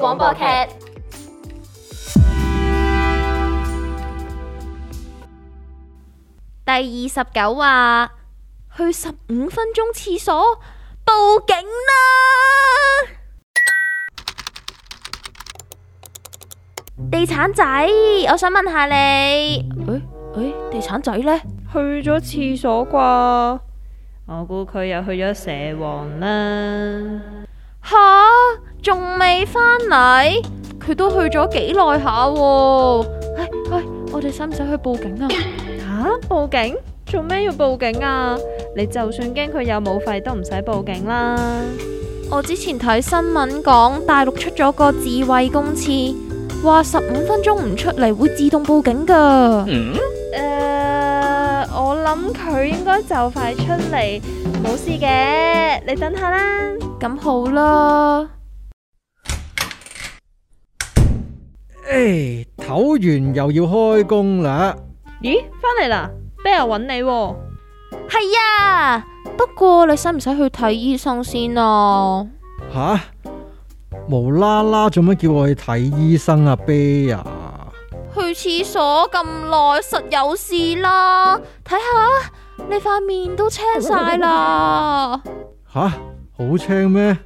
廣播劇第二十九話，去十五分鐘廁所，報警啦，啊！ 地產仔，我想問下你，誒誒、欸欸，地產仔呢？去咗廁所啩？我估佢又去咗蛇王啦。吓，仲未返嚟？佢都去咗幾耐下？哎哎，我哋使唔使去報警啊？吓、 啊，報警？做咩要報警啊？你就算驚佢有冇肺都唔使報警啦。我之前睇新聞講，大陸出咗個智慧公廁，話十五分鐘唔出嚟會自動報警噶。嗯咁佢、嗯、應該就快，快出嚟，冇事嘅。你等下啦。咁好啦。誒、哎，唞完又要開工啦。咦，返嚟啦，啤牙搵你喎。啊。係啊，不過你使唔使去睇醫生先啊？吓、啊，無啦啦，做乜叫我去睇醫生啊，啤牙？去廁所咁耐，實有事啦。睇下你塊面都青晒啦。吓， 好青咩？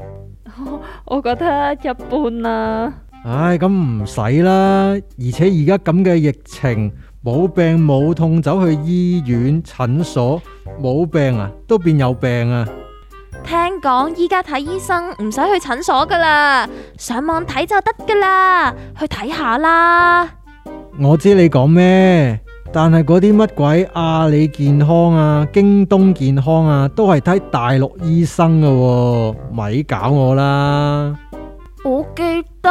我覺得一般啦。唉，咁唔使啦。而且而家咁嘅疫情，冇病冇痛走去醫院診所冇病啊，都變有病啊。聽講依家睇醫生唔使去診所噶啦，上網睇就得噶啦。去睇下啦。我知你講咩，但係嗰啲乜鬼阿里健康啊、京東健康啊，都係睇大陸醫生噶、哦，咪搞我啦！我記得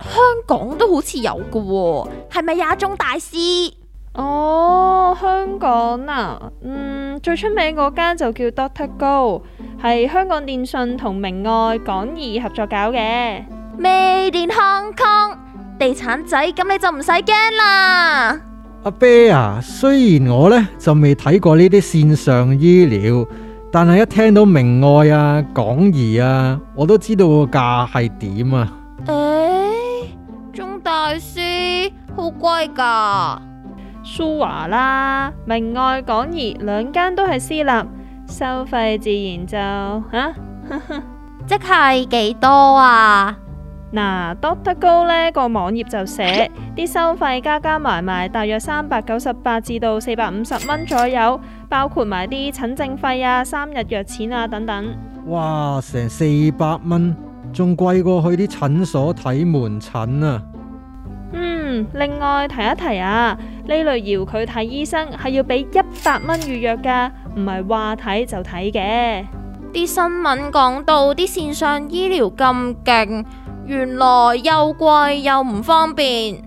香港都好似有噶、哦，係咪亞鍾大師？哦，香港啊，嗯，最出名嗰間就叫 DoctorGo，係香港電訊同明愛港義合作搞嘅微健康康。地產仔，咁你就唔使驚啦。阿啤啊，雖然我呢就未睇過呢啲線上醫療，但係一聽到明愛啊、港怡啊，我都知道個價係點啊。誒、欸，鍾大師好貴噶。蘇華啦，明愛、港怡兩間都係私立，收費自然就，即係幾多啊？ 嗱、啊，DoctorGo 呢個網頁就寫啲收費加加埋埋大約三百九十八至到四百五十蚊左右，包括埋啲診症費啊、三日藥錢啊等等。哇，成四百蚊，仲貴過去啲診所睇門診啊！嗯，另外提一提啊，呢類搖佢睇醫生係要俾一百蚊預約㗎，唔係話睇就睇嘅。啲新聞講到啲線上醫療咁勁，原來又貴又唔方便。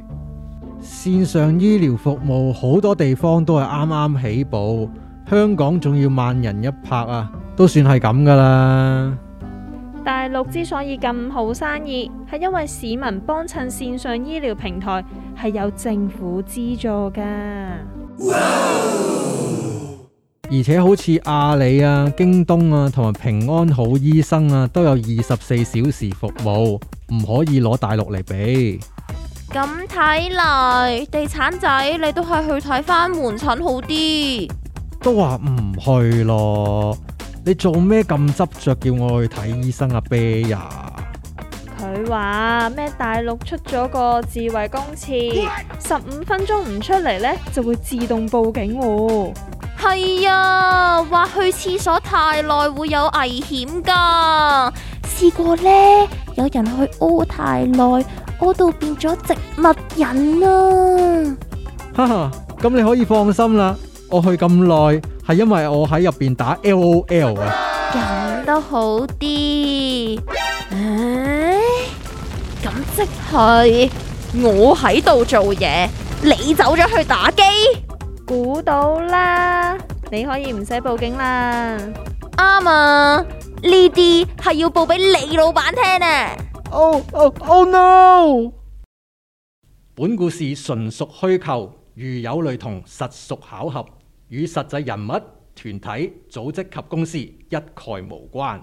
線上醫療服務好多地方都係啱啱起步，香港仲要萬人一拍啊，都算係咁噶啦。大陸之所以咁好生意，係因為市民幫襯線上醫療平台，係有政府資助噶。Wow! 而且好似阿里啊、京東啊、同埋平安好醫生啊，都有二十四小時服務，唔可以攞大陸嚟俾。咁睇嚟，地產仔你都係去睇返門診好啲。都話唔去咯，你做咩咁執着叫我去睇醫生啊？啤牙！佢話咩？大陸 What? 出咗個智慧公廁，十五分鐘唔出嚟呢，就會自動報警啊。係啊，話去廁所太耐會有危險噶，試過呢，有人去屙太耐，屙到變咗植物人啊！哈哈，咁你可以放心啦，我去咁耐係因為我喺入邊打 LOL 啊，咁都好啲，唉、啊，咁即係我喺度做嘢，你走咗去打機。估到啦，你可以唔使報警啦。啱啊，呢啲係要報俾李老闆聽啊。Oh, oh, oh no！本故事純屬虛構，如有雷同，實屬巧合，與實際人物、團體、組織及公司一概無關。